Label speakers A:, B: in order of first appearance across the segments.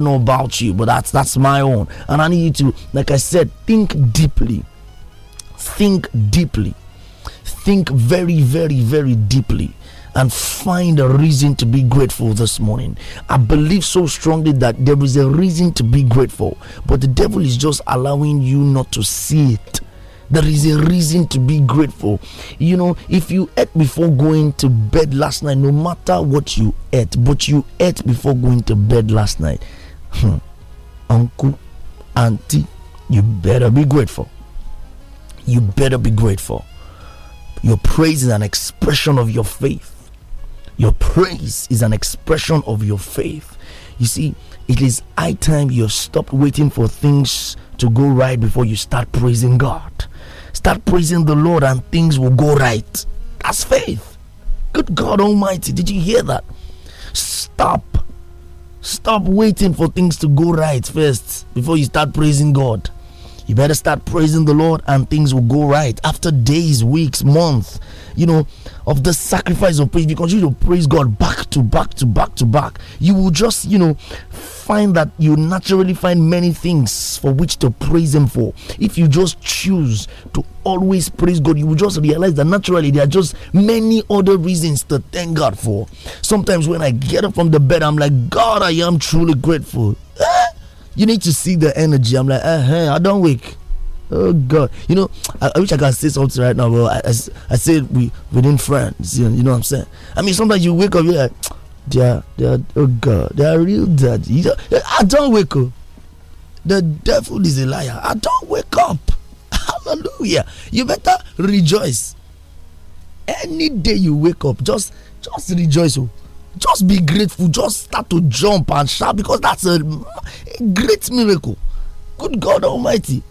A: know about you, but that's that's my own.
B: And I need you to, like I said, think deeply. Think deeply. Think very, very, very deeply and find a reason to be grateful this morning. I believe so strongly that there is a reason to be grateful, but the devil is just allowing you not to see it. There is a reason to be grateful. You know, if you ate before going to bed last night, no matter what you ate, but you ate before going to bed last night, Hmm. Uncle, auntie, you better be grateful. You better be grateful. Your praise is an expression of your faith. Your praise is an expression of your faith. You see, it is high time you stop waiting for things to go right before you start praising God. Start praising the Lord and things will go right. That's faith. Good God Almighty, did you hear that? Stop Stop waiting for things to go right first before you start praising God. You better start praising the Lord and things will go right after days, weeks, months, you know, of the sacrifice of praise. Because you continue to praise God back to back to back to back. You will just, you know, find that you naturally find many things for which to praise Him for. If you just choose to always praise God, you will just realize that naturally there are just many other reasons to thank God for. Sometimes when I get up from the bed, I'm like, God, I am truly grateful. Eh? you need to see the energy. I'm like, uh huh, I don't wake. Oh God, you know, I, I, wish I could say something right now, but I, I, I said we within friends. You know, you know what I'm saying? I mean, sometimes you wake up, you're like they are, they are, oh God, they are real dirty. I don't wake up. The devil is a liar. I don't wake up. Hallelujah. You better rejoice. Any day you wake up, just just rejoice. Oh. Just be grateful. Just start to jump and shout because that's a, a great miracle. Good God Almighty.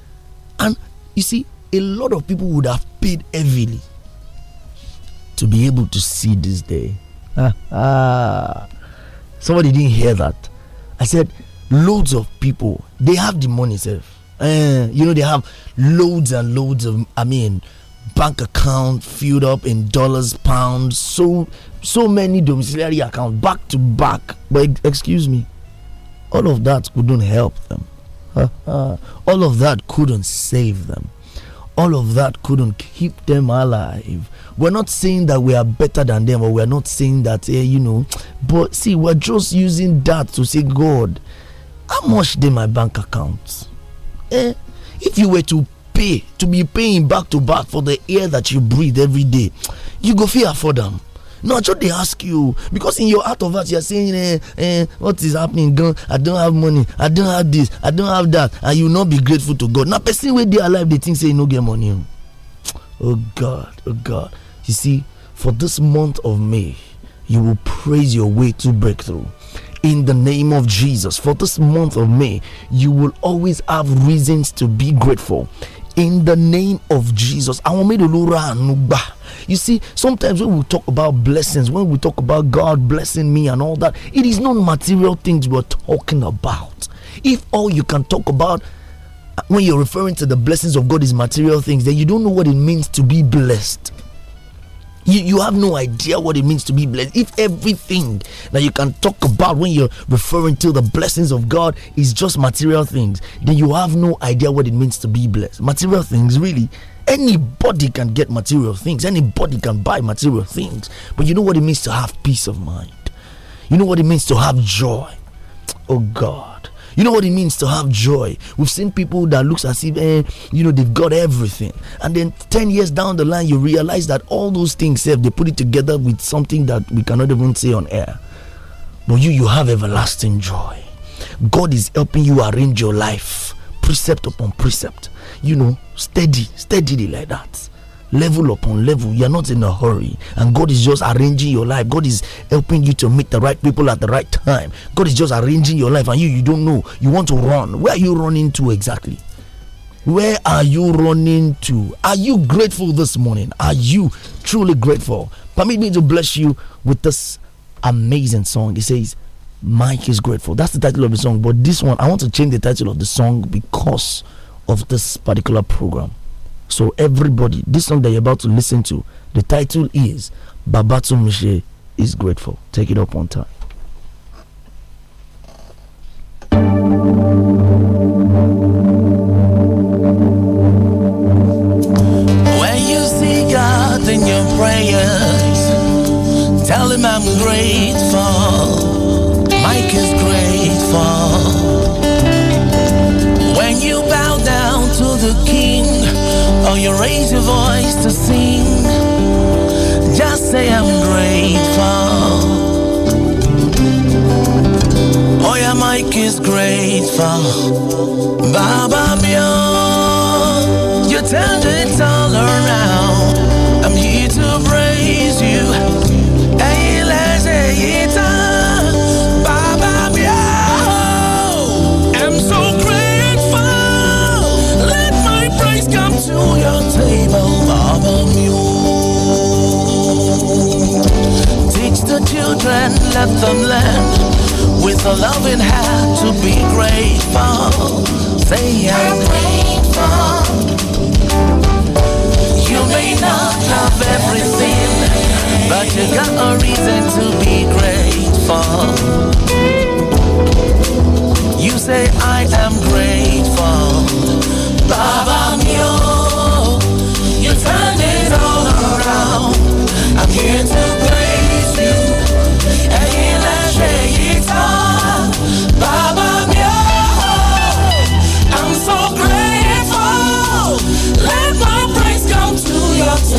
B: And you see, a lot of people would have paid heavily to be able to see this day. Ah, ah. Somebody didn't hear that. I said, loads of people, they have the money, self. Uh, you know, they have loads and loads of, I mean, bank account filled up in dollars, pounds, so so many domiciliary accounts back to back. But excuse me, all of that couldn't help them. all of that couldn't save them. All of that couldn't keep them alive. We're not saying that we are better than them, or we're not saying that, eh, you know, but see, we're just using that to say, God, how much did my bank account? Eh? If you were to pay, to be paying back to back for the air that you breathe every day, you go fear for them. No, just they ask you because in your heart of hearts you're saying, eh, eh, "What is happening, God? I don't have money. I don't have this. I don't have that," and you not be grateful to God. Now, person where they alive, they think say, "No get money." Oh, oh God, oh God. You see, for this month of May, you will praise your way to breakthrough in the name of Jesus. For this month of May, you will always have reasons to be grateful. In the name of Jesus. You see, sometimes when we talk about blessings, when we talk about God blessing me and all that, it is not material things we're talking about. If all you can talk about when you're referring to the blessings of God is material things, then you don't know what it means to be blessed. You, you have no idea what it means to be blessed. If everything that you can talk about when you're referring to the blessings of God is just material things, then you have no idea what it means to be blessed. Material things, really. Anybody can get material things, anybody can buy material things. But you know what it means to have peace of mind, you know what it means to have joy. Oh God. You know what it means to have joy. We've seen people that looks as if eh, you know they've got everything, and then ten years down the line, you realize that all those things, if eh, they put it together with something that we cannot even say on air, but you you have everlasting joy. God is helping you arrange your life, precept upon precept. You know, steady, steadily like that level upon level. You're not in a hurry, and God is just arranging your life. God is helping you to meet the right people at the right time. God is just arranging your life, and you you don't know. You want to run. Where are you running to exactly? Where are you running to? Are you grateful this morning? Are you truly grateful? Permit me to bless you with this amazing song. It says, Mike is grateful. That's the title of the song. But this one, I want to change the title of the song because of this particular program. So everybody, this song that you're about to listen to, the title is Babatu Mishe is grateful. Take it up on time.
C: When
D: you see God in your prayers, tell him I'm grateful. Mike is grateful. Oh, you raise your voice to sing, just say I'm grateful. Oh, yeah, Mike is grateful. Baba you turned it on. children let them learn with a loving heart to be grateful. They are grateful. You may not love everything, but you got a reason to be grateful. You say I am grateful, Baba Mio. You turned it all around. I'm here to.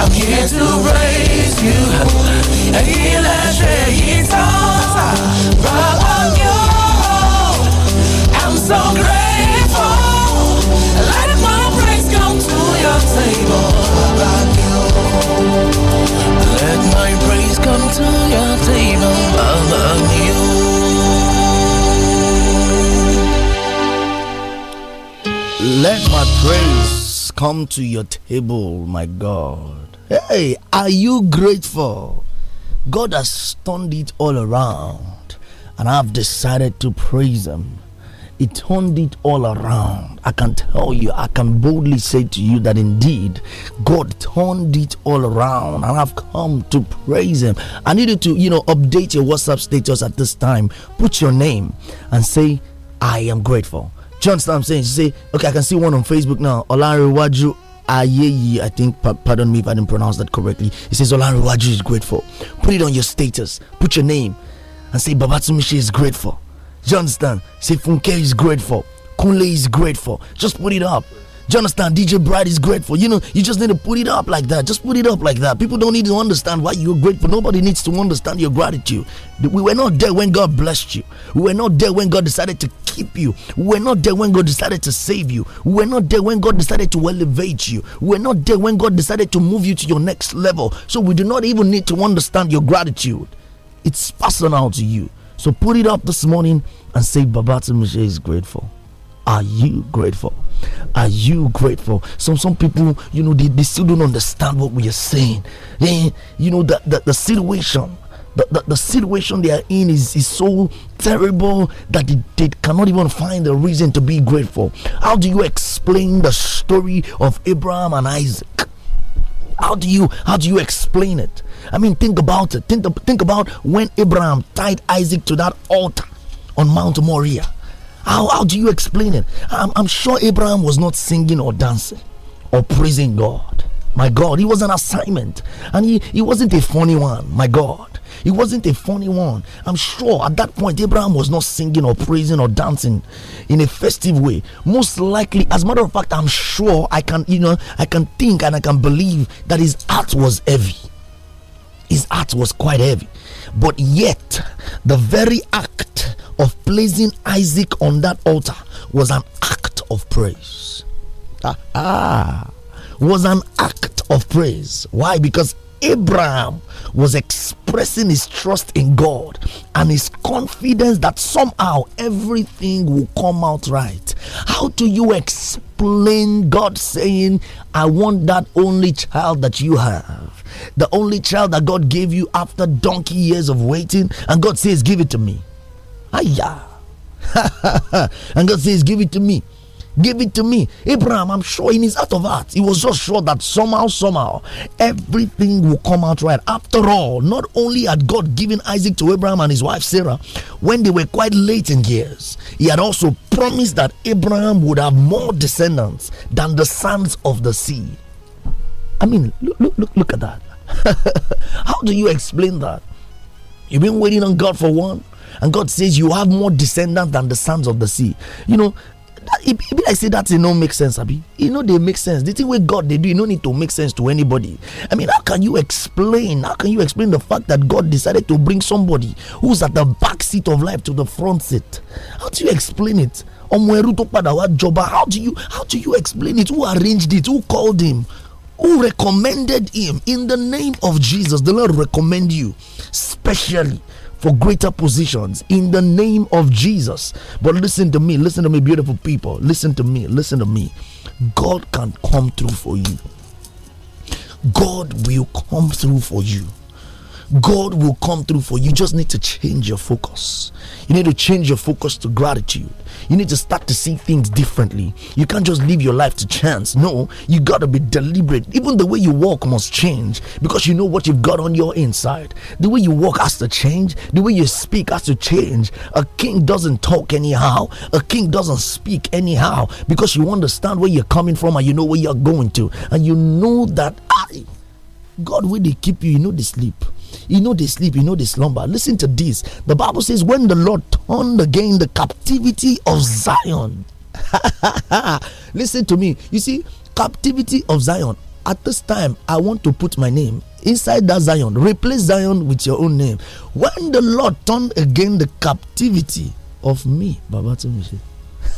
D: I'm here to raise you. it's I'm so grateful. Let my praise come to your table. Let my praise come to your table. I
B: you. Let my praise come to your table, my God. Hey, are you grateful? God has turned it all around, and I've decided to praise Him. He turned it all around. I can tell you, I can boldly say to you that indeed God turned it all around, and I've come to praise Him. I need you to, you know, update your WhatsApp status at this time. Put your name and say, I am grateful. John, Stam what I'm saying? say, okay, I can see one on Facebook now. Olari Waju Ayeyi, I think, pardon me if I didn't pronounce that correctly. He says, Olaruwaju is grateful. Put it on your status, put your name, and say, Babatsumishi is grateful. You understand? Say, Funke is grateful. Kunle is grateful. Just put it up. Do you understand? DJ Bright is grateful. You know, you just need to put it up like that. Just put it up like that. People don't need to understand why you're grateful. Nobody needs to understand your gratitude. We were not there when God blessed you. We were not there when God decided to keep you. We were not there when God decided to save you. We were not there when God decided to elevate you. We were not there when God decided to move you to your next level. So we do not even need to understand your gratitude. It's personal to you. So put it up this morning and say Baba Mishe is grateful. Are you grateful? Are you grateful? Some some people, you know, they, they still don't understand what we are saying. They, you know, that the, the situation the, the, the, situation they are in is, is so terrible that they, they cannot even find a reason to be grateful. How do you explain the story of Abraham and Isaac? How do you how do you explain it? I mean, think about it. Think think about when Abraham tied Isaac to that altar on Mount Moriah. How, how do you explain it? I'm, I'm sure Abraham was not singing or dancing or praising God. My God, it was an assignment. And he, he wasn't a funny one. My God. It wasn't a funny one. I'm sure at that point Abraham was not singing or praising or dancing in a festive way. Most likely, as a matter of fact, I'm sure I can, you know, I can think and I can believe that his heart was heavy. His heart was quite heavy. But yet, the very act of placing Isaac on that altar was an act of praise. Ah, ah was an act of praise. Why? Because Abraham was expressing his trust in God and his confidence that somehow everything will come out right. How do you explain God saying, I want that only child that you have, the only child that God gave you after donkey years of waiting, and God says, Give it to me? Ah, and God says, Give it to me. Give it to me. Abraham, I'm sure in his heart of heart, he was just sure that somehow, somehow, everything will come out right. After all, not only had God given Isaac to Abraham and his wife Sarah when they were quite late in years, he had also promised that Abraham would have more descendants than the sands of the sea. I mean, look, look, look, look at that. How do you explain that? You've been waiting on God for one, and God says you have more descendants than the sands of the sea. You know, e be like say that thing no make sense abi e no dey make sense the thing wey god dey do e no need to make sense to anybody i mean how can you explain how can you explain the fact that god decided to bring somebody who's at the back seat of life to the front seat how do you explain it ọmọ ẹrú tó padà wá jọba how do you how do you explain it who arranged it who called him who recommended him in the name of jesus the lord recommend you specially for greater positions in the name of Jesus. But listen to me, listen to me, beautiful people. Listen to me, listen to me. God can come through for you. God will come through for you. God will come through for you. You just need to change your focus. You need to change your focus to gratitude. You need to start to see things differently. You can't just live your life to chance. No, you got to be deliberate. Even the way you walk must change because you know what you've got on your inside. The way you walk has to change. The way you speak has to change. A king doesn't talk anyhow, a king doesn't speak anyhow because you understand where you're coming from and you know where you're going to. And you know that I, God, will keep you? You know the sleep. You know they sleep. You know they slumber. Listen to this. The Bible says, when the Lord turned again the captivity of Zion. Listen to me. You see, captivity of Zion. At this time, I want to put my name inside that Zion. Replace Zion with your own name. When the Lord turned again the captivity of me, Baba Tumishe.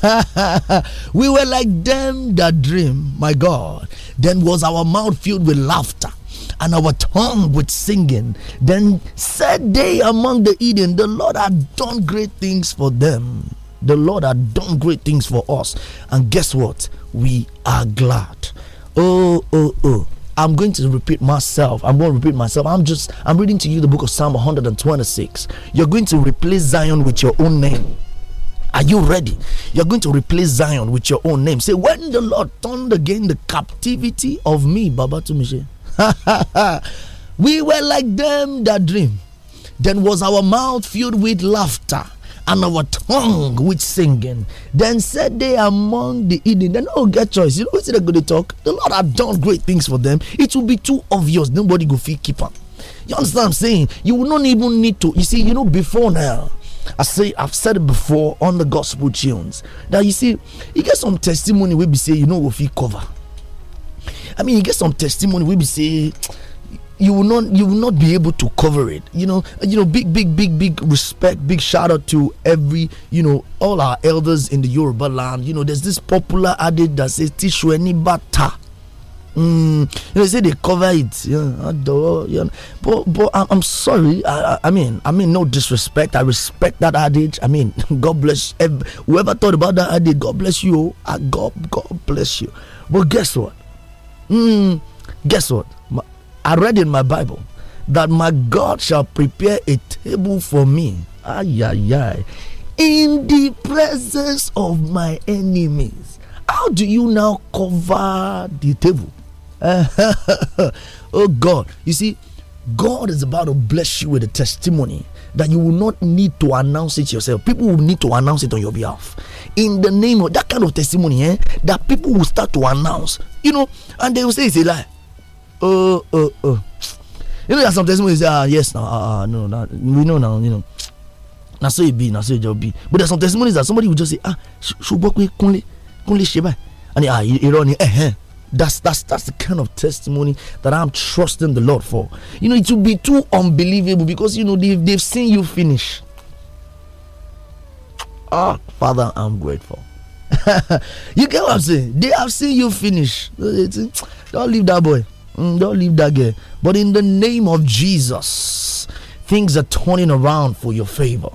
B: we were like them that dream, my God. Then was our mouth filled with laughter and our tongue with singing. Then said they among the Eden, The Lord had done great things for them. The Lord had done great things for us. And guess what? We are glad. Oh, oh, oh. I'm going to repeat myself. I'm going to repeat myself. I'm just, I'm reading to you the book of Psalm 126. You're going to replace Zion with your own name. Are you ready? You're going to replace Zion with your own name. Say, when the Lord turned again the captivity of me, Baba Tumishe. we were like them that dream. Then was our mouth filled with laughter and our tongue with singing. Then said they among the hidden, then oh, get choice. You know are going to talk? The Lord had done great things for them. It will be too obvious. Nobody go feel keep up. You understand what I'm saying? You will not even need to. You see, you know, before now, I say I've said it before on the gospel tunes. That you see, you get some testimony where we say you know if you cover. I mean, you get some testimony we be say you will not you will not be able to cover it you know you know big big big big respect big shout out to every you know all our elders in the yoruba land you know there's this popular adage that says tishu any bata mm, you know, they say they cover it. Yeah, you know. But but I'm, I'm sorry. I, I, I mean I mean no disrespect. I respect that adage. I mean God bless whoever thought about that adage. God bless you. Oh. Ah, God God bless you. But guess what? Mm, guess what? I read in my Bible that my God shall prepare a table for me. Ay, ay, ay. In the presence of my enemies. How do you now cover the table? oh God. You see, God is about to bless you with a testimony that you will not need to announce it yourself. People will need to announce it on your behalf. In the name of that kind of testimony, eh, that people will start to announce, you know, and they will say it's a lie. Oh, oh, oh. You know, there are some testimonies, say, ah, yes, now, ah, ah, no, we know now, you know. Now, so it be, now, so it just be. But there are some testimonies that somebody will just say, ah, Shubokwe Kunle, Kunle Sheba. And ah, irony, eh, eh. That's that's that's the kind of testimony that I'm trusting the Lord for. You know, it will be too unbelievable because you know they've they've seen you finish. Ah, Father, I'm grateful. you get what I'm saying? They have seen you finish. Don't leave that boy. Mm, don't leave that girl. But in the name of Jesus, things are turning around for your favor.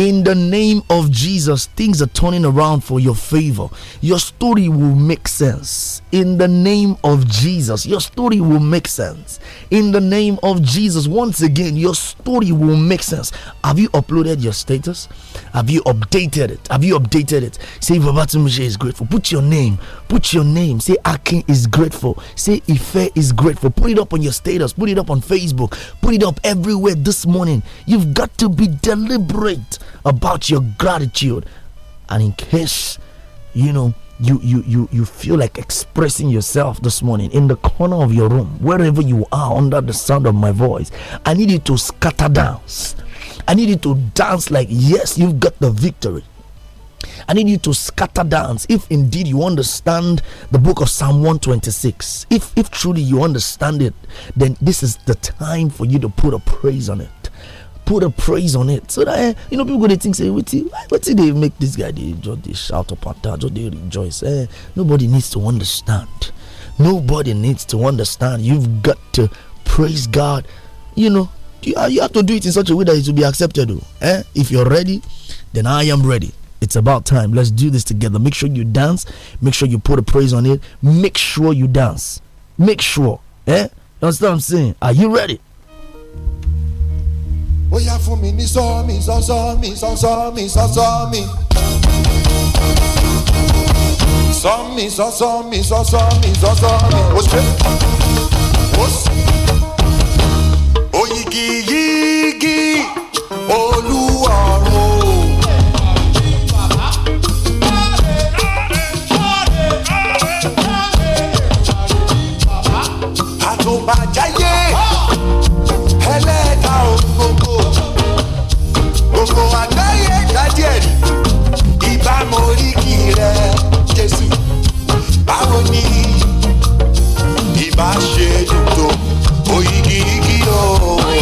B: In the name of Jesus, things are turning around for your favor. Your story will make sense. In the name of Jesus, your story will make sense. In the name of Jesus, once again, your story will make sense. Have you uploaded your status? Have you updated it? Have you updated it? Say Babatunde is grateful. Put your name. Put your name. Say Akin is grateful. Say Ife is grateful. Put it up on your status. Put it up on Facebook. Put it up everywhere this morning. You've got to be deliberate about your gratitude. And in case, you know, you, you, you, you feel like expressing yourself this morning in the corner of your room, wherever you are under the sound of my voice, I need you to scatter dance. I need you to dance like, yes, you've got the victory. I need you to scatter dance if indeed you understand the book of Psalm 126. If if truly you understand it, then this is the time for you to put a praise on it put a praise on it so that eh, you know people go to think say what what did they make this guy they just they shout up and down just they rejoice eh, nobody needs to understand nobody needs to understand you've got to praise god you know you, you have to do it in such a way that it will be accepted oh. eh? if you're ready then i am ready it's about time let's do this together make sure you dance make sure you put a praise on it make sure you dance make sure eh you understand what i'm saying are you ready
C: ó yá fún mi ní sọ́ọ̀mì sọ́ọ̀mì sọ́ọ̀mì sọ́ọ̀mì. sọ́ọ̀mì sọ́ọ̀mì sọ́ọ̀mì sọ́ọ̀mì ó ṣe ó sì. òyìgì yígì olúwa ọ̀run. àtùbàjáyé. bá ṣe jù tó oyigi igi o.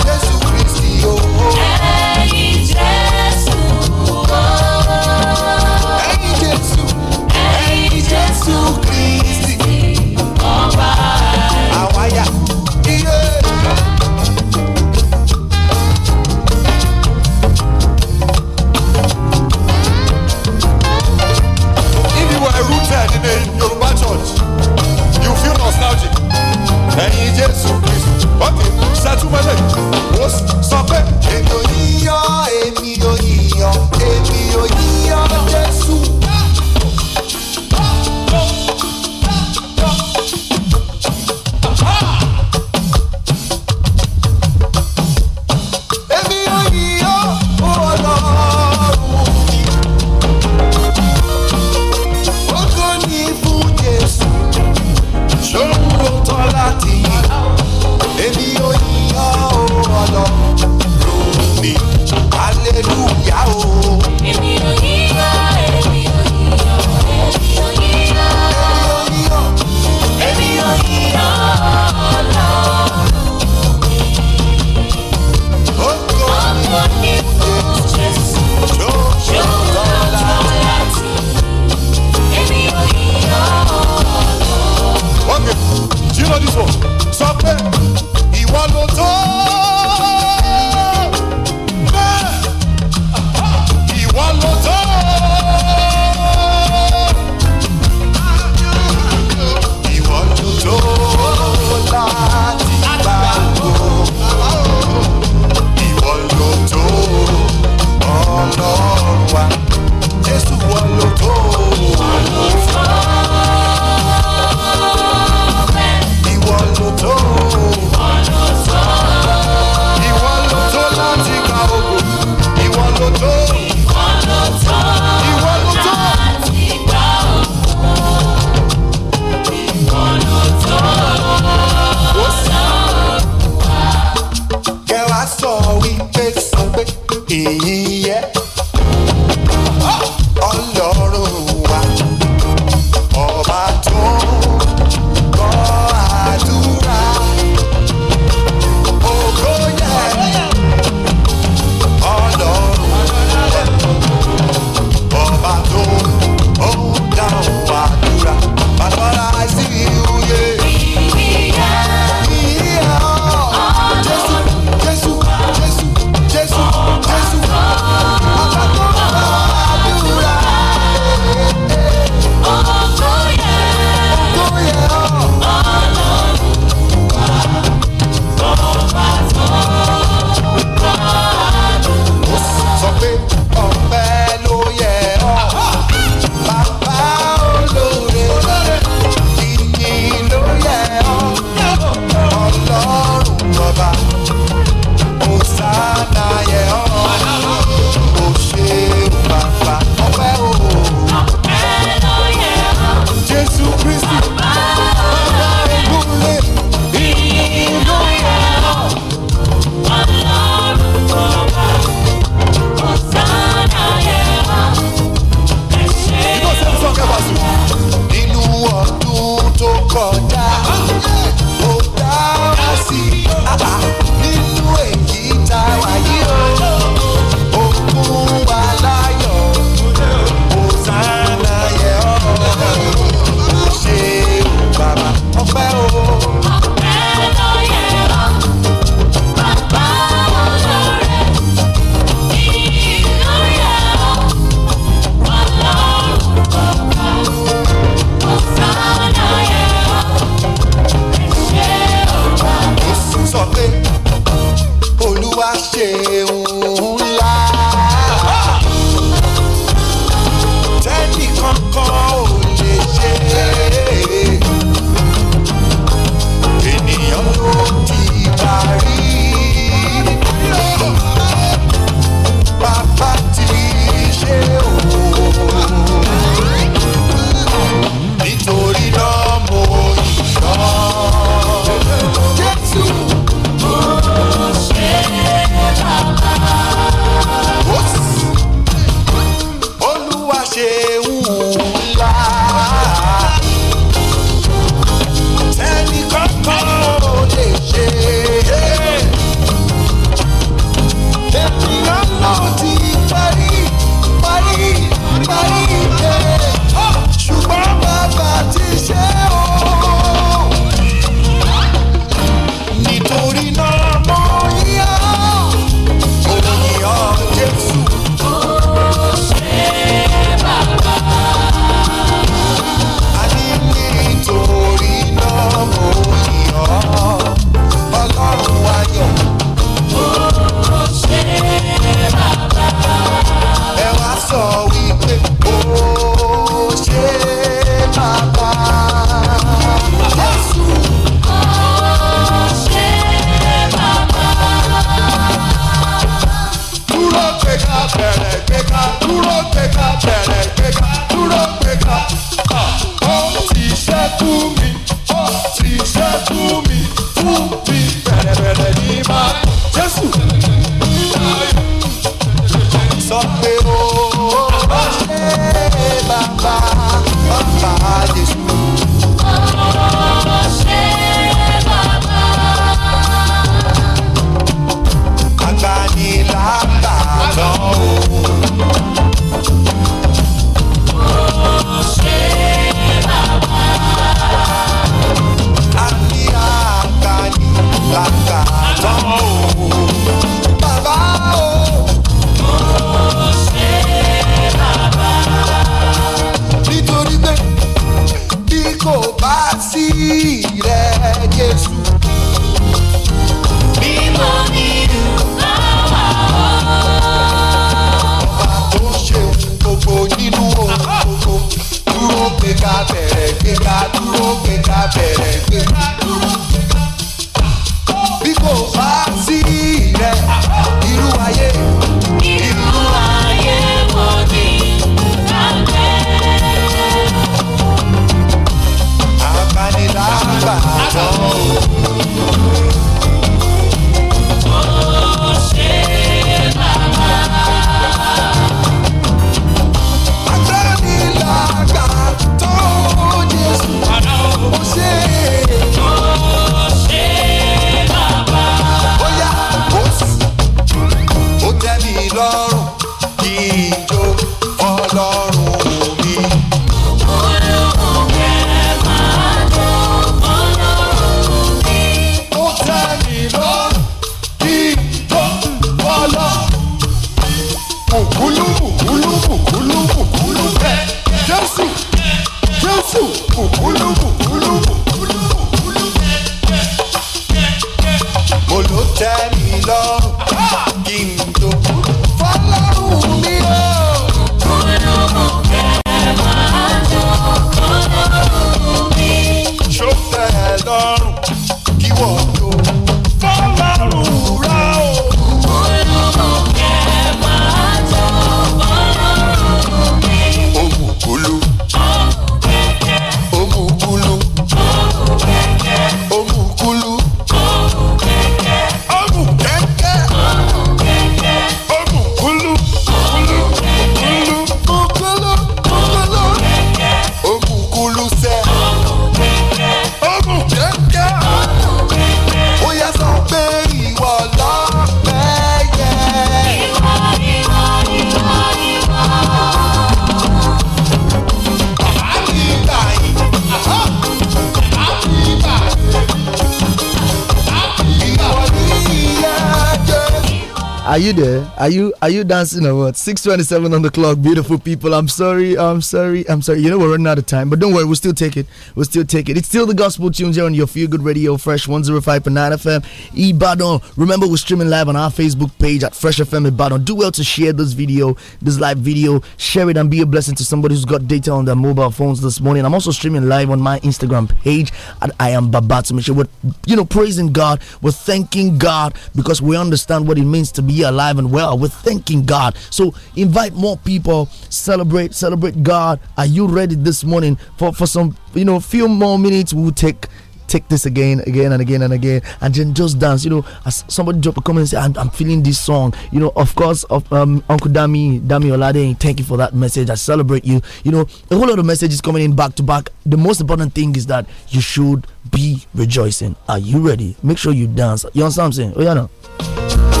B: Are you there? Are you are you dancing or what? 627 on the clock, beautiful people. I'm sorry, I'm sorry, I'm sorry. You know we're running out of time, but don't worry, we'll still take it. We'll still take it. It's still the gospel tunes here on your feel good radio, Fresh 105.9 FM, Ibadan. Remember, we're streaming live on our Facebook page at Fresh FM Ibadan. Do well to share this video, this live video, share it and be a blessing to somebody who's got data on their mobile phones this morning. I'm also streaming live on my Instagram page at I am Babatunde. make sure we're you know praising God, we're thanking God because we understand what it means to be alive and well. We're thanking God. So invite more people. Celebrate, celebrate God. Are you ready this morning for for some you know few more minutes? We'll take take this again, again and again and again, and then just dance. You know, as somebody drop a comment and say, I'm, I'm feeling this song. You know, of course, of um, Uncle Dami, Dami Olade, thank you for that message. I celebrate you. You know, a whole lot of messages coming in back to back. The most important thing is that you should be rejoicing. Are you ready? Make sure you dance. You understand what I'm saying? Oh, yeah, no.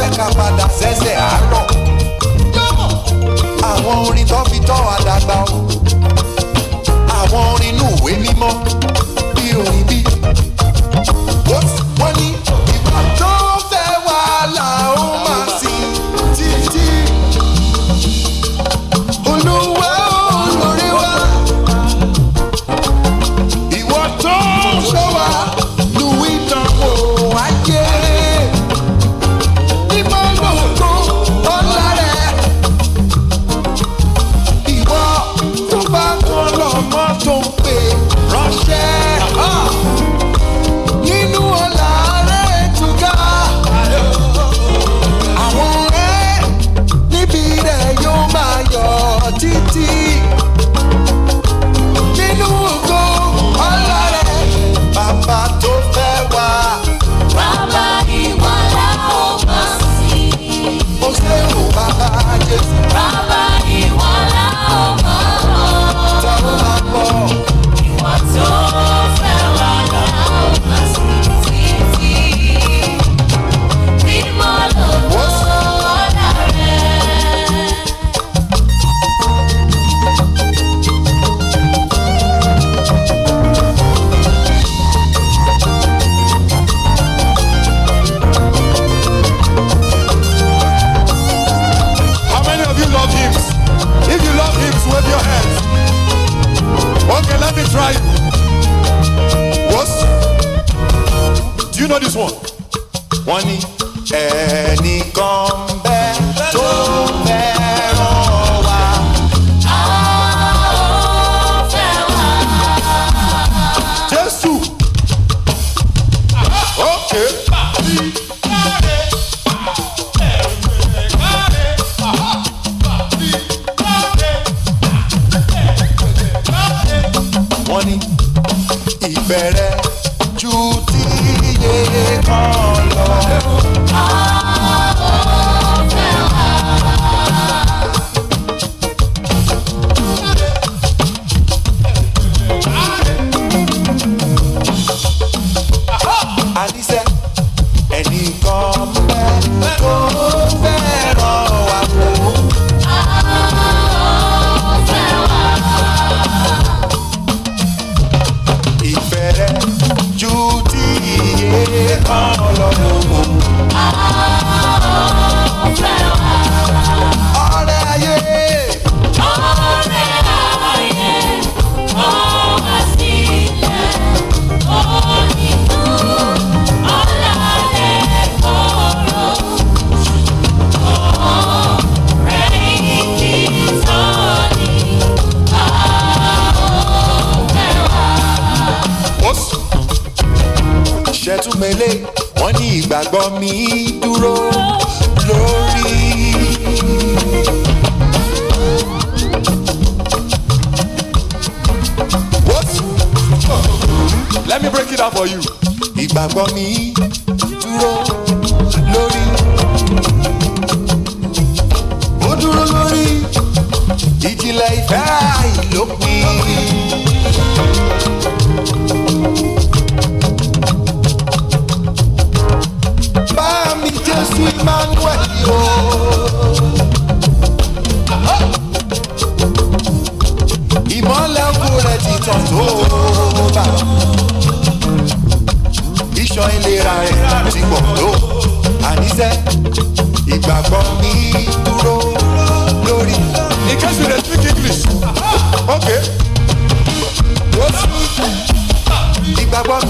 C: fẹ́ ká padà sẹ́sẹ̀ àárọ̀ àwọn orin tó fi tọ́ àdàgbà o àwọn orin inú ìwé mímọ́ bí orin bí. ìbẹ̀rẹ̀ ju tíye kan lọ. ìgbàgbọ́ mi dúró lórí. in case you dey speak english okay. ìgbàgbọ́ mi.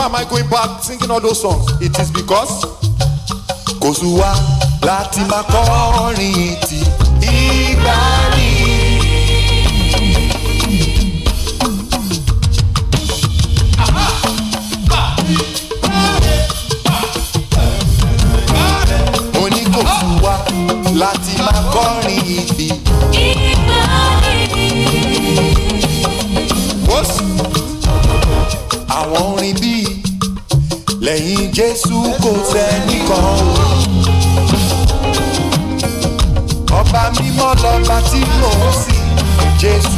C: why am I going back singing all those songs? It is because kò sùn wá láti máa kọrin ti ìgbàanì. mo ní kò sùn wá láti máa kọrin ti àwọn orin bíi lẹ́yìn jésù kò sẹ́nìkan o. ọba mímọ́ lọ́ba tí mò ń sìn jésù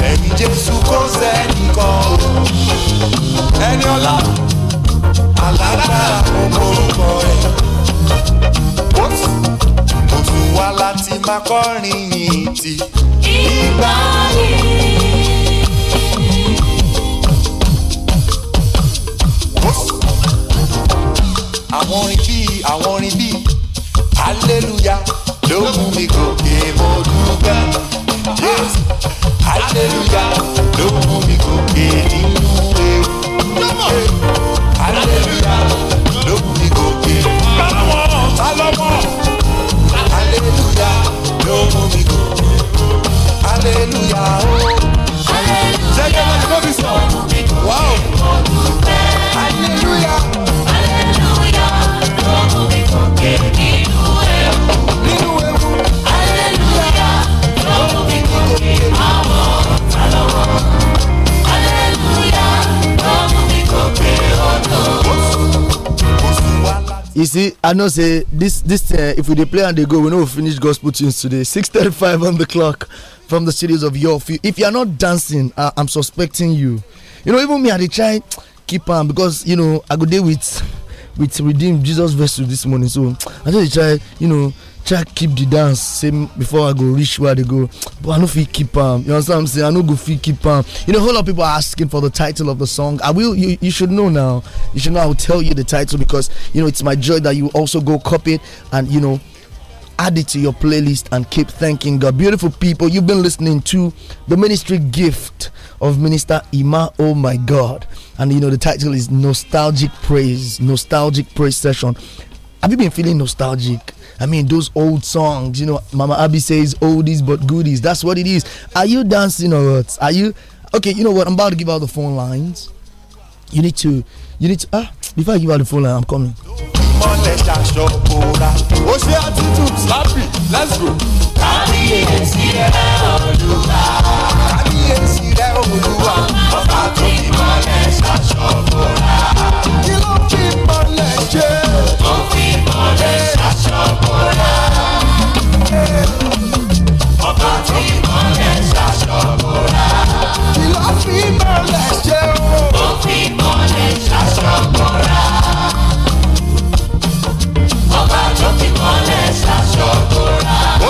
C: lẹ́yìn jésù kò sẹ́nìkan o. ẹni ọlá alára mo morúkọ rẹ̀ mo tún wá láti máa kọrin yìí ti ìgbà yìí. àwọn orin bíi àwọn orin bíi hallelujah ló mú mi gòkè mo dúpẹ́ yes hallelujah ló mú mi gòkè nínú ewu hallelujah ló mú mi gòkè. sálọ́mọ́ sálọ́mọ́. hallelujah ló mú mi gòkè hallelujah o. ṣé kí ẹ bá ti kọ́
B: you see i know say this this uh, if we dey play and dey go we no finish gospel tunes today six thirty-five on the clock from the series of your if you are not dancing i am suspecting you you know even me i dey try keep am because you know i go dey with with redeem jesus vessel this morning so i just dey try you know try keep the dance same before i go reach where they go but i no fit keep am you understand what i'm saying i no go fit keep am you know a whole lot of people are asking for the title of the song i will you, you should know now you should know i will tell you the title because you know it's my joy that you also go copy it and you know add it to your playlist and keep thanking god beautiful people you've been listening to the ministry gift of Minister Ima. Oh my God. And you know, the title is Nostalgic Praise, Nostalgic Praise Session have you been feeling nostalgic? I mean, those old songs, you know, Mama Abby says oldies but goodies. That's what it is. Are you dancing or what? Are you okay? You know what? I'm about to give out the phone lines. You need to, you need to, ah, before I give out the phone line, I'm coming.
C: Let's go. Kí ló fi mọ̀lẹ́ jẹ́? ṣàṣọ́bùrà. ọba tí mọ́lẹ̀ ṣàṣọ́bùrà. kí ló fi mọ́lẹ̀ ṣe o. ó fi mọ́lẹ̀ ṣàṣọ́bùrà. ọba tó fi mọ́lẹ̀ ṣàṣọ́bùrà. ó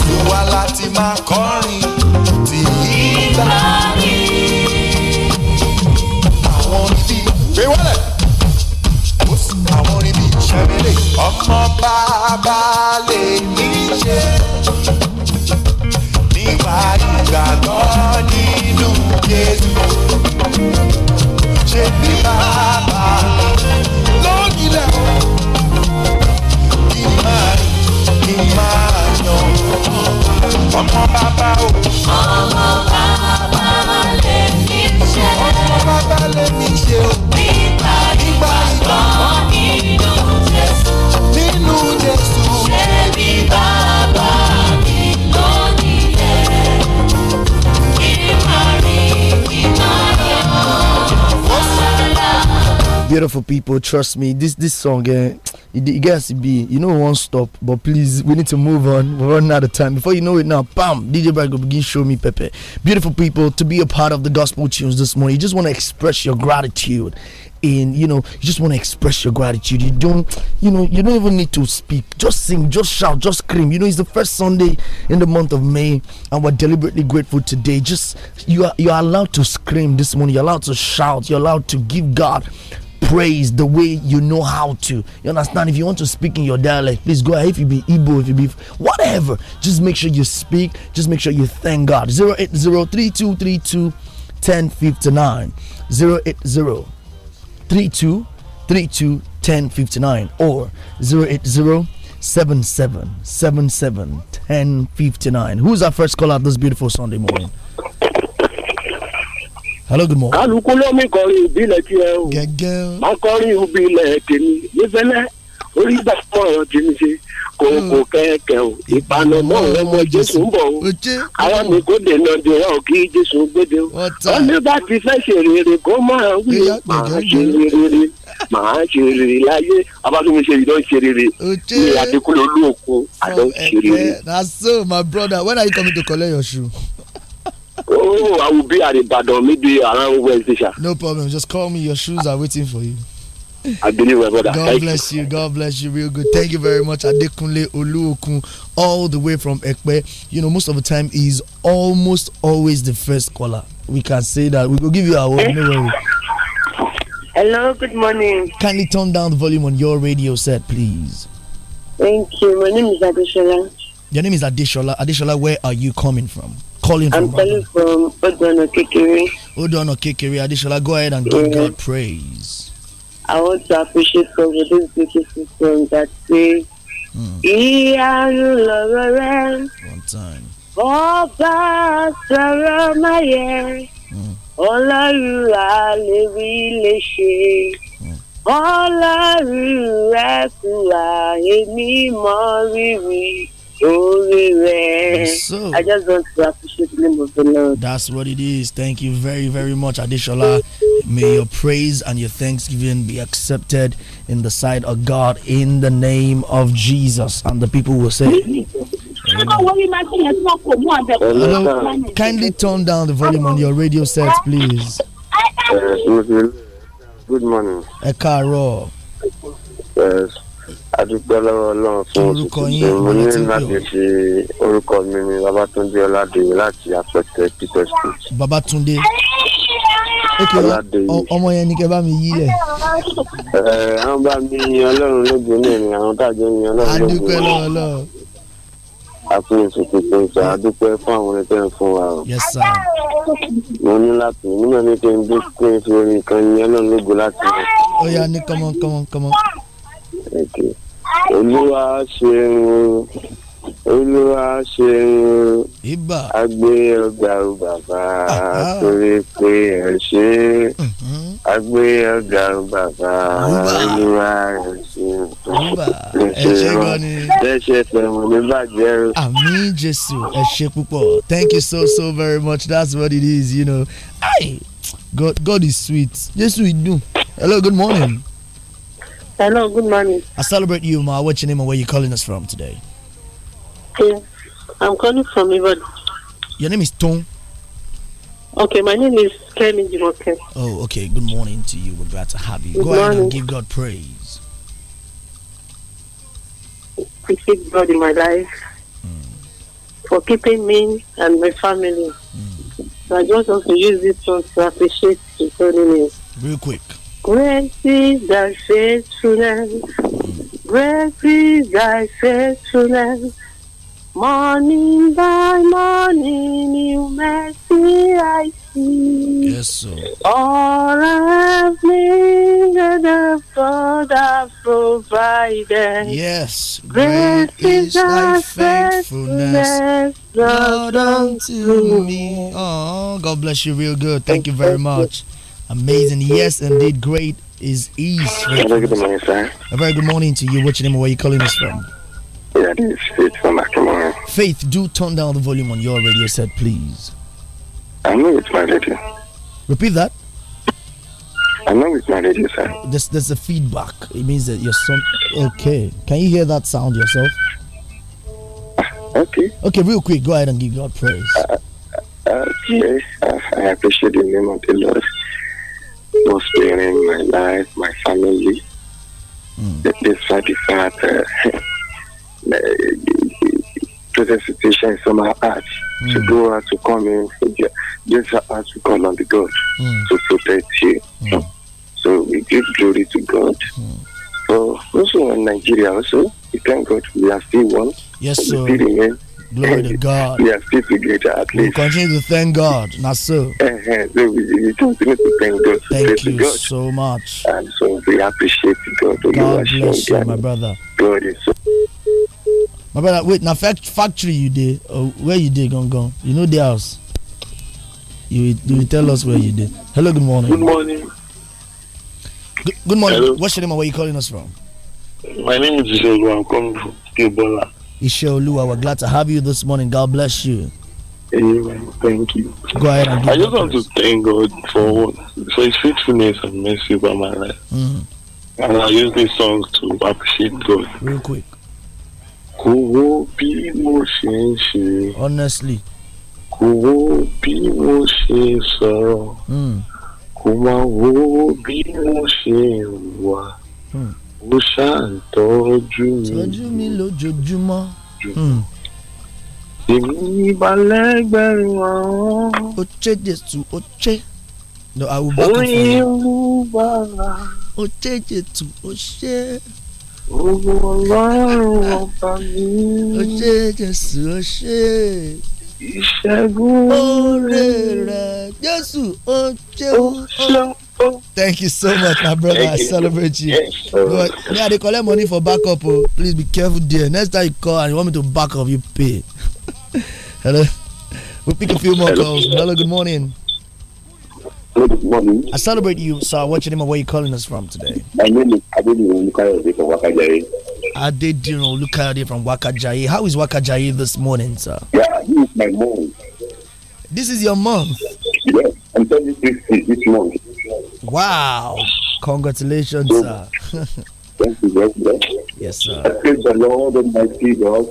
C: tún wá láti máa kọ́ra. ọmọ
E: bàbá
C: lè ní ṣe nípa ìgbàgbọ́ nínú Jésù ṣe bí bàbá lónílẹ̀ kí máa kí máa yan ọmọ bàbá o. ọmọ bàbá lè ní ṣe. ọmọ bàbá lè ní ṣe o.
B: beautiful people trust me this this song eh, it, it gets to be you know one stop but please we need to move on we're running out of time before you know it now bam dj Black will begin show me pepe beautiful people to be a part of the gospel tunes this morning you just want to express your gratitude in you know you just want to express your gratitude you don't you know you don't even need to speak just sing just shout just scream you know it's the first sunday in the month of may and we're deliberately grateful today just you are you're allowed to scream this morning you're allowed to shout you're allowed to give god praise the way you know how to. You understand? If you want to speak in your dialect, please go ahead. If you be Igbo, if you be whatever, just make sure you speak. Just make sure you thank God. 0803232 1059. or 080 Who's our first caller this beautiful Sunday morning? hello good morning.
A: kálukú lómi kọrin ìbílẹ̀ tí ẹ o. gẹ́gẹ́. má kọrin ìbílẹ̀ tèmi nífẹ̀lẹ́ orí ìgbà fọ̀rọ̀ tí mi ṣe kòkò ah. kẹ̀kẹ́ o ìpanamọ́ ọmọ jésù ń bọ̀ o ara mi kò dènà dèrò kí jésù gbéde o ọ̀nà bá ti fẹ́ ṣe rere kó máa wí máa ṣe rere màá ṣe rere láyé abájọmọ ṣe ìdán ṣe rere ní adékúnlé olóòkú àdán ṣe rere.
B: na so my brother when are you coming to collect your shoe.
A: oh, I will be at Ibadan maybe around Wednesday.
B: No problem. Just call me. Your shoes are waiting for you.
A: I believe my brother. God Thank
B: bless you. you. God bless you. Real good. Thank you very much. Adekunle Oluokun, all the way from Ekpe. You know, most of the time he's almost always the first caller. We can say that. We will give you our word. No Hello. Good morning. Kindly turn down the volume on your radio set, please. Thank you. My name is Adeshola. Your name is Adeshola. Adeshola, where are you coming from? calling I'm from? calling
C: from Odono Kekere.
B: Odono Kekere Adishola. Go ahead and give yeah. God
C: praise. I want to appreciate God for this beautiful song that says,
D: hmm. One time. Ọba sọ̀rọ̀ máa hmm. Ọlọ́run làlè lè ṣe. Hmm. Ọlọ́run rẹ̀ rírì. So, I just want to appreciate
B: the name of the Lord. That's what it is. Thank you very, very much, Adishola. May your praise and your thanksgiving be accepted in the sight of God in the name of Jesus. And the people will say, Hello, kindly turn down the volume on your radio set, please.
C: Good morning.
B: Ekaro.
C: Yes. adúpẹ́ lọ́wọ́ ọlọ́run fún orúkọ yín mo ní láti fi orúkọ mi ni babatunde ọládèyí láti
A: àpẹtẹ peter street.
B: babatunde ọmọ yẹn ni kẹ bá
C: mi yí lẹ. ẹ
A: àwọn bá mi yin ọlọ́run lógo náà ni àwọn tájọ yin ọlọ́run lógo náà. adúpẹ́ lọ́wọ́ ọlọ́run. àfihàn ìṣòkòtò ìṣà adúpẹ́ fún àwọn ẹgbẹ́ fún wa o. yes sir. mo ní láti nígbà mi kí n dé kí orin kan yin ọlọ́run lógo láti.
B: ó yá ní kọ́mọ kọ́mọ kọ́mọ.
A: Thank you. olúwa ṣeun olúwa ṣeun agbé
C: ọgbà bàbá torí pé ẹ ṣe mhm. agbé ọgbà bàbá olúwa ẹ ṣeun ẹ ṣe gan
B: jésù ẹ thank you so so very much that's what it is you know. Ay, God, God is sweet. Jésù ìdùn. Hello, good morning. Hello, good morning. I celebrate you, Ma. What's your name and where you calling us from today?
C: Okay. I'm calling from Ibadan.
B: Your name is Tom.
A: Okay, my name is Kenny Jimoke.
B: Oh, okay. Good morning to you. We're glad to have you. Good Go morning. ahead and give God praise.
C: We keep God in my life mm. for keeping me and my family. Mm. So I just want to use this one to appreciate His holiness. Real quick. Great is thy faithfulness. Great is thy
D: faithfulness. Morning by morning, new mercy I see. Yes, sir. All I've
C: that the Father has provided. Yes, great, great is thy faithfulness, Lord, unto
B: me. Oh, God bless you real good. Thank you very much. Amazing. Yes, indeed. Great is East. Very good morning, sir. A very good morning to you. What's your name and where you calling us from? Yeah, it is Faith from Akimori. Faith, do turn down the volume on your radio set, please.
C: i know it's my radio. Repeat that. i know not my
B: radio, sir. There's, there's a feedback. It means that you're some. Okay. Can you hear that sound yourself? Ah, okay. Okay, real quick, go ahead and give God praise.
C: Uh, uh, uh okay. Uh, I appreciate the name of the Lord. Was there my life, my family. Mm. The place the present uh, situation is somehow hard mm. to go out to come in. Just hard to call on the God mm. to protect you. Mm. So we give glory to God. Mm. So also in Nigeria, also we thank God we are still one. Yes, so. Glory to God. We are still greater at least. We continue
B: to thank God. Not uh-huh. so.
C: we, continue to thank God. Thank you God. so much. And so we appreciate God. God, bless you, my brother. God is so
B: my brother wait Now, factory you there? where you dey gan gone. you know the house you you tell us where you did. hello good morning. good
A: morning. good, good morning hello. what's your name
B: and where you calling us from.
A: my name is Jose. i'm coming from Kibola.
B: Isheolua, we're glad to have you this morning. God bless you.
A: Amen. Thank you. Go ahead. I just want to thank God for for His faithfulness and mercy over my life. Mm-hmm. And I use this song to appreciate God. Real quick.
B: Honestly.
A: kò wo ó ṣáà ń tọ́jú mi. tọ́jú mi
B: lójoojúmọ́. Hmm.
A: èmi ní balẹ̀gbẹ̀rún
B: ọ̀hún. ó ṣe jésù ó ṣe. oyin mú bàrà. ó ṣe jésù ó ṣe. owó ọlọ́run
C: ọba mi. ó ṣe jésù ó ṣe. ìṣẹ́gun. oore rẹ̀ jésù ó ṣeun. ó ṣeun. Thank you so
B: much, my brother. I celebrate you. Yes, yeah, they collect money for backup. Oh. Please be careful dear. Next time you call and you want me to back up, you pay. Hello. We'll pick a few more calls. Hello, good morning.
A: good morning.
B: I celebrate you, sir. What's your name and where you calling us from today?
A: My name is Adediran Olukayode from Wakajaye.
B: Adediran Olukayode from Wakajaye. How is Wakajaye this morning, sir? Yeah, this is my mom. This is your mom. Yes, I'm telling you, this month. Wow. Congratulations, sir.
A: Thank you very much. Yes, sir. I praise the Lord and my God.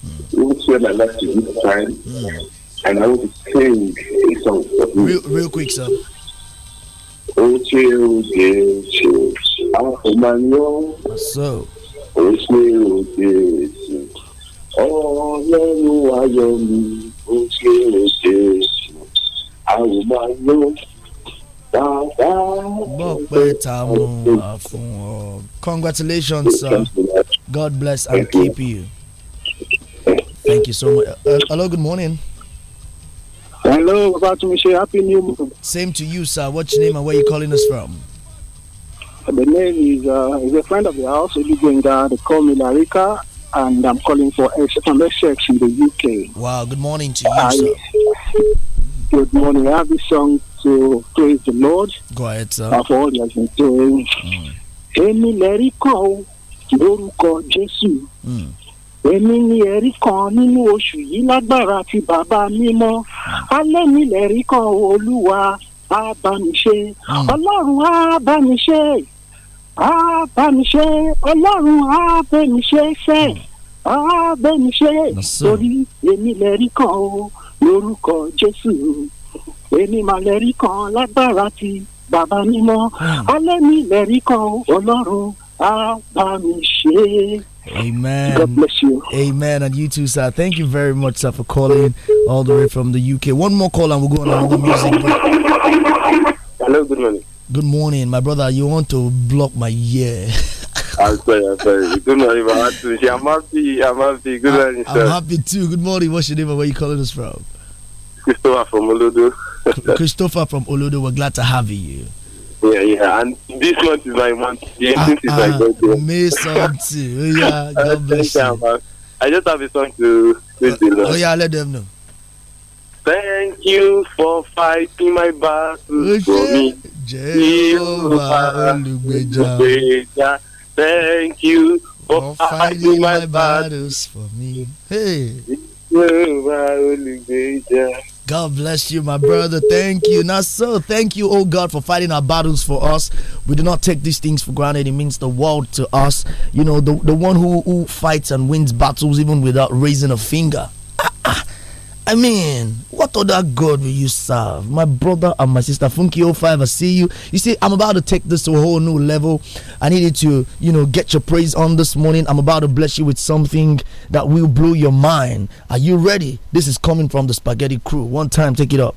A: Mm. will share my life to this time. Mm. And I want to sing a song Real, real quick, sir. Oh, Oche oche oche. Afumanyo. So. oh, oche oche. Ọlọ́run ayọ̀ mi, ó ṣe é ṣe é ṣe, àwòmáyọ̀. Congratulations
B: sir. God bless and keep you. Thank you so much. Uh, uh, hello, good morning. Hello, Happy New Month. Same to you, sir. What's your name and where you calling us from?
A: The name is uh, is a friend of the house, Olugenga. They call me Larika, and I'm calling for from sx in the UK. Wow. Good morning to you, sir. Good morning. I have this song to praise the Lord.
B: Go ahead, sir. Uh, for
A: all he has been doing. Èmi lẹ́rí kan lórúkọ Jésù. Hmm. Èmi ni ẹ̀rí kan nínú oṣù yìí lágbára ti bàbá mímọ́. Hmm.
C: Alẹ́ mi lẹ́rí kan Olúwa á hmm. Ọlọ́run á bá Ọlọ́run fẹ́. Torí èmi kan lórúkọ Jésù èmi màlẹ́rí kan lágbára ti bàbá mímọ́ ọlẹ́ mi ah. lẹ́rí kan ọlọ́run á bá mi ṣe é.
B: Amen. God bless you. Amen. And you too, sir. Thank you very much, sir, for calling all the way from the UK. One more call and we'll go on another music.
E: Hello, good morning.
B: Good morning, my brother. You want to block my ear?
E: I'm sorry, I'm sorry. Good morning, I'm I'm happy. I'm happy. Good morning, sir. I'm happy
B: too. Good morning. What's your name and where are you calling us from?
E: Christopher from Oludu.
B: Christopher from Olodo, we're glad to have you.
E: Yeah, yeah, and
A: this one is my one. Ah, yeah, this is ah, my May oh, yeah, God bless you. I just have a song to praise the Lord. Oh yeah, let them know. Thank you for fighting my battles oh, for me. Jehovah
C: Olugbeja. Thank you for, for fighting my battles, for me. Hey. Jehovah Olugbeja.
B: God bless you, my brother. Thank you. Now, so thank you, oh God, for fighting our battles for us. We do not take these things for granted. It means the world to us. You know, the, the one who, who fights and wins battles even without raising a finger I mean, what other God will you serve? My brother and my sister, Funky 05, I see you. You see, I'm about to take this to a whole new level. I needed to, you know, get your praise on this morning. I'm about to bless you with something that will blow your mind. Are you ready? This is coming from the Spaghetti Crew. One time, take it up.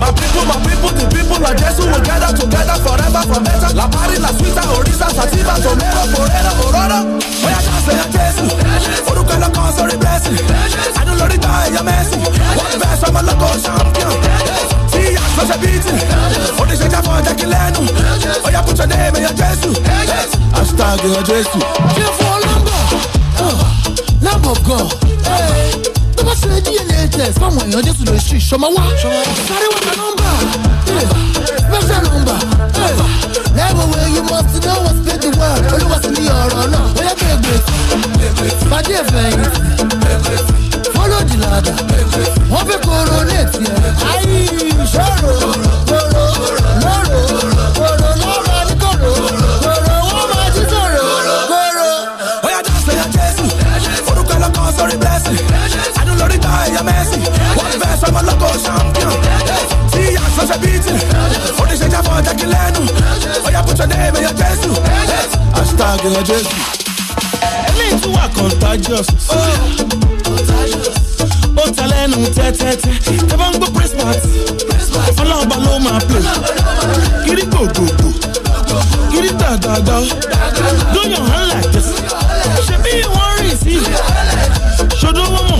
E: My people, my people, the people of Jesus will gather together forever for better. La Paris, la suita, orisa, sativa, tomero, forero, ororo. Oya chance, oya Jesus. I don't sórí blessing. Adé I'm ẹ̀yà mẹ́sì. best, I'm a local champion. See I'm a Tí àtúntò ṣe bíìtì. Oníṣẹ́ jáfọ́ jẹ́kí Oh, Oya put your name in your Jesus. Hashtag your Jesus. Ṣé fún ọlọ́gbọ̀n? Lamb of God. Hey. tó bá ṣe DNA test fáwọn èèyàn jésù lè ṣì ṣọmọ wá sáré wá ka nọ́mbà mẹ́fà nọ́mbà
C: everywhere you must know what made the world olúwa sì ní ọ̀rọ̀ náà bóyá gbègbè pàdé ẹ̀fẹ̀yìntì fọlọ́dì làdà wọ́n fi koronẹ́tì ẹ̀. ayé ìṣòro koro lọ́rọ̀ koro
E: lọ́rọ̀ ni koro koro wọ́n máa jí sọ̀rọ̀ koro. ó yá jọ́sọ̀ ya jésù forúkọ ẹlọ́kọ̀ sórí bless oríta ẹ̀yà mẹ́sì wọ́n fẹ́ sọmọ lọ́kọ̀ champion tí àṣọṣe bíìtì oníṣẹ́jẹ́ fọ́ jẹ́kí lẹ́nu ọ̀yà put your name in your jésù hashtag in your jésù. eléyìí tún wà contagious. ó ta lẹ́nu tẹ́tẹ́tẹ́ tẹ́ bá ń gbọ́ press part ọlọ́ọ̀bá ló máa pè kiri gbòdòdò kiri Do your hand like this. bí wọ́n rìn sí ṣòdò wọ́n mọ̀.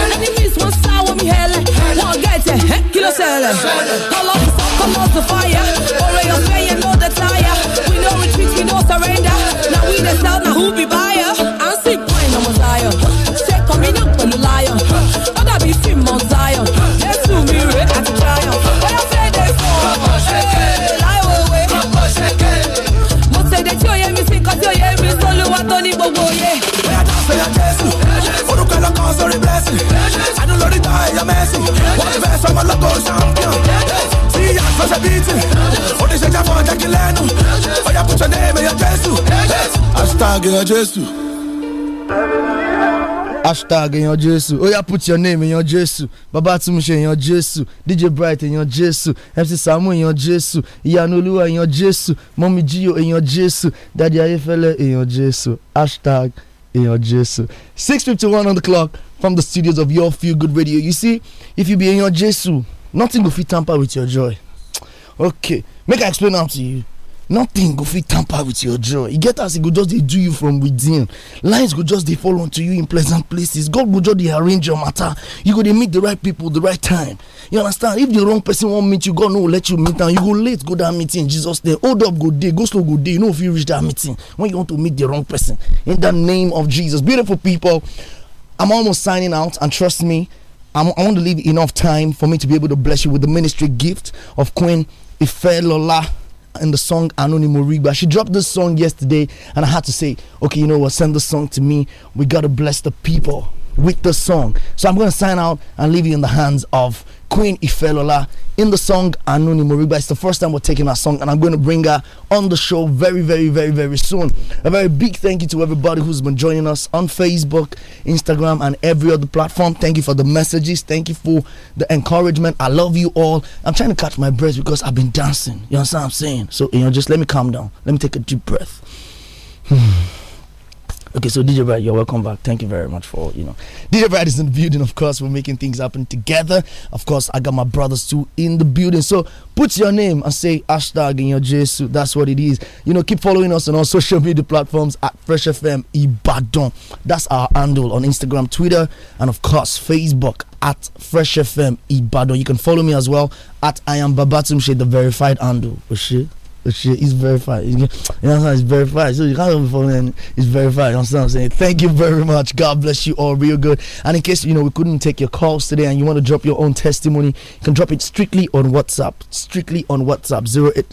D: Vad gajce, kilo sele come the fire Already on no desire We know retreat, we no surrender Now we the sound, now who be buying
E: yan Jésù.
B: hashtag èèyàn Jésù ó yá put your name èèyàn Jésù bàbá àtúnṣe èèyàn Jésù DJ Bright èèyàn Jésù MC Samu èèyàn Jésù ìyanu olúwa èèyàn Jésù mọ́mí jíyò èèyàn Jésù dádì ayéfẹ́lẹ́ èèyàn Jésù hashtag èèyàn Jésù six fifty one on the clock from the studios of your feel good radio you see if you be èèyàn Jésù nothing go fit tamper with your joy okay make I explain am to you nothing go fit tamper with your joy e get as e go just dey do you from within lines go just dey fall onto you in pleasant places god go just dey arrange your matter you go dey meet the right people the right time you understand if the wrong person wan meet you god no go let you meet am you go late go that meeting jesus name hold up go dey go slow go dey you no fit reach that meeting when you want to meet the wrong person in the name of jesus beautiful people i'm almost signing out and trust me I'm, i want to leave enough time for me to be able to bless you with the ministry gift of queen ifelola in the song Anoni Morigba. She dropped this song yesterday, and I had to say, okay, you know what? Send the song to me. We gotta bless the people with the song. So I'm gonna sign out and leave you in the hands of Queen Ifelola in the song Anuni Moriba. It's the first time we're taking a song, and I'm going to bring her on the show very, very, very, very soon. A very big thank you to everybody who's been joining us on Facebook, Instagram, and every other platform. Thank you for the messages. Thank you for the encouragement. I love you all. I'm trying to catch my breath because I've been dancing. You understand what I'm saying? So, you know, just let me calm down. Let me take a deep breath. Hmm. Okay, so DJ Brad, you're welcome back. Thank you very much for you know. DJ Brad is in the building, of course. We're making things happen together. Of course, I got my brothers too in the building. So put your name and say hashtag in your J That's what it is. You know, keep following us on all social media platforms at Fresh FM Ibadan. That's our handle on Instagram, Twitter, and of course Facebook at Fresh FM Ibadan. You can follow me as well at I am Babatumshe, the verified handle. Oshie shit. he's verified. It's, you know what It's verified. So you can't even phone in. it's verified. You know what I'm saying? Thank you very much. God bless you all real good. And in case you know we couldn't take your calls today and you want to drop your own testimony, you can drop it strictly on WhatsApp. Strictly on WhatsApp 080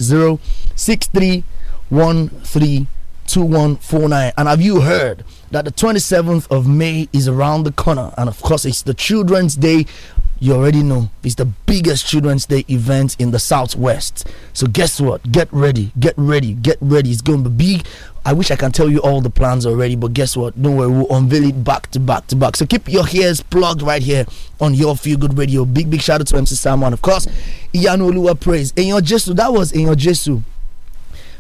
B: And have you heard that the 27th of May is around the corner? And of course, it's the Children's Day you already know it's the biggest Children's Day event in the Southwest. So, guess what? Get ready, get ready, get ready. It's going to be big. I wish I can tell you all the plans already, but guess what? Don't worry, we'll unveil it back to back to back. So, keep your ears plugged right here on your Feel Good Radio. Big, big shout out to MC Salman, of course. Ian Olua Praise. in your Jesu, that was in your Jesu.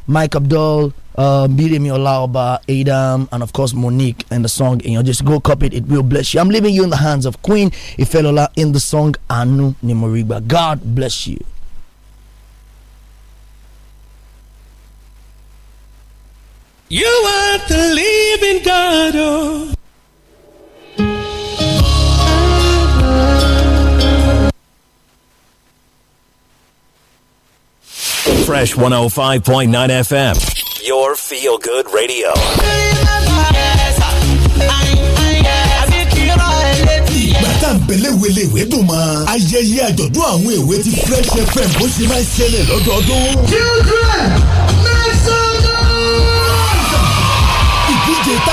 B: Mike Abdul uh, Bilemi Olaoba, Adam, and of course Monique and the song. You know, just go copy it. It will bless you. I'm leaving you in the hands of Queen Ifelola in the song Anu Nimoriba. God bless you.
D: You are the living God. Oh. Fresh 105.9 FM, your feel good radio.
A: dùn mọ́. ayẹyẹ àjọ̀dún àwọn èwe ti Fresh FM bó ṣe máa ń ṣẹlẹ̀ lọ́dọọdún.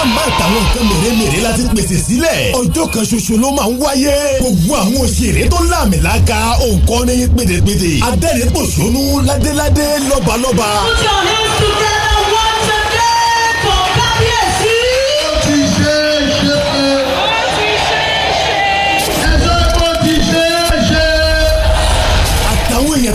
A: nọ́mbà àtàwọn nǹkan mèremère láti pèsè sílẹ̀ ọjọ́ kan ṣoṣo ló máa ń wáyé gbogbo àwọn òṣèré tó láàmìlàaka òǹkọ́ni pédèpédè adẹ́rẹ́pọ̀ṣónú ládéládé lọ́balọ́ba. put your hands together.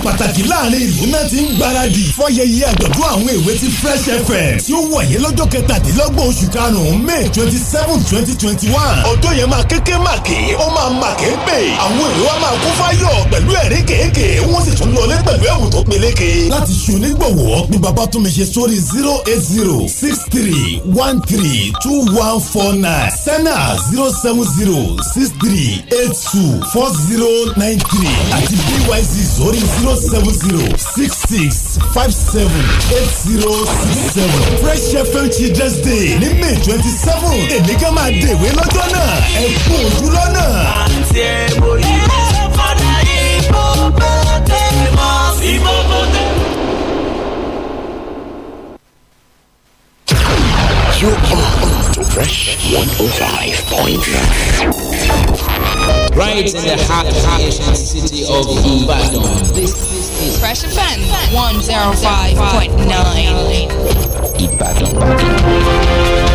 A: pàtàkì láàrin ìlú náà ti ń gbáradì fọyẹyẹ àjọ̀dún àwọn èwe ti Fresh FM tí ó wọ̀nyé lọ́jọ́ kẹtàdínlọ́gbọ̀n oṣù karùn-ún May twenty seven twenty twenty one ọjọ́ yẹn máa kéké màkì ó máa màkì ń pè àwọn èrè wa máa kún fáyọ̀ pẹ̀lú ẹ̀rí kéèké wọ́n sì tún lọlé pẹ̀lú ẹ̀wù tó peléke. láti ṣonígbọ̀wọ́ ni bàbá tún mi ṣe sórí zero eight zero six three one three two one four nine sena zero seven zero six three eight two four zero nine three àti byz sórí zero zero seven zero six six five seven eight zero six seven fresh fm children's day ní may twenty seven èmi kan máa dèwé lọ́jọ́ náà ẹ kú ojú lọ́nà. àǹtí
E: ẹ̀ mọ̀ yìí. ọ̀dà ìbò bọ́tẹ̀ mọ́ sí bọ́tẹ̀.
C: You are on to Fresh
D: 105.9. right in the hot Asian city of Ibadan.
B: Fresh offense 105.9
C: Ibadan.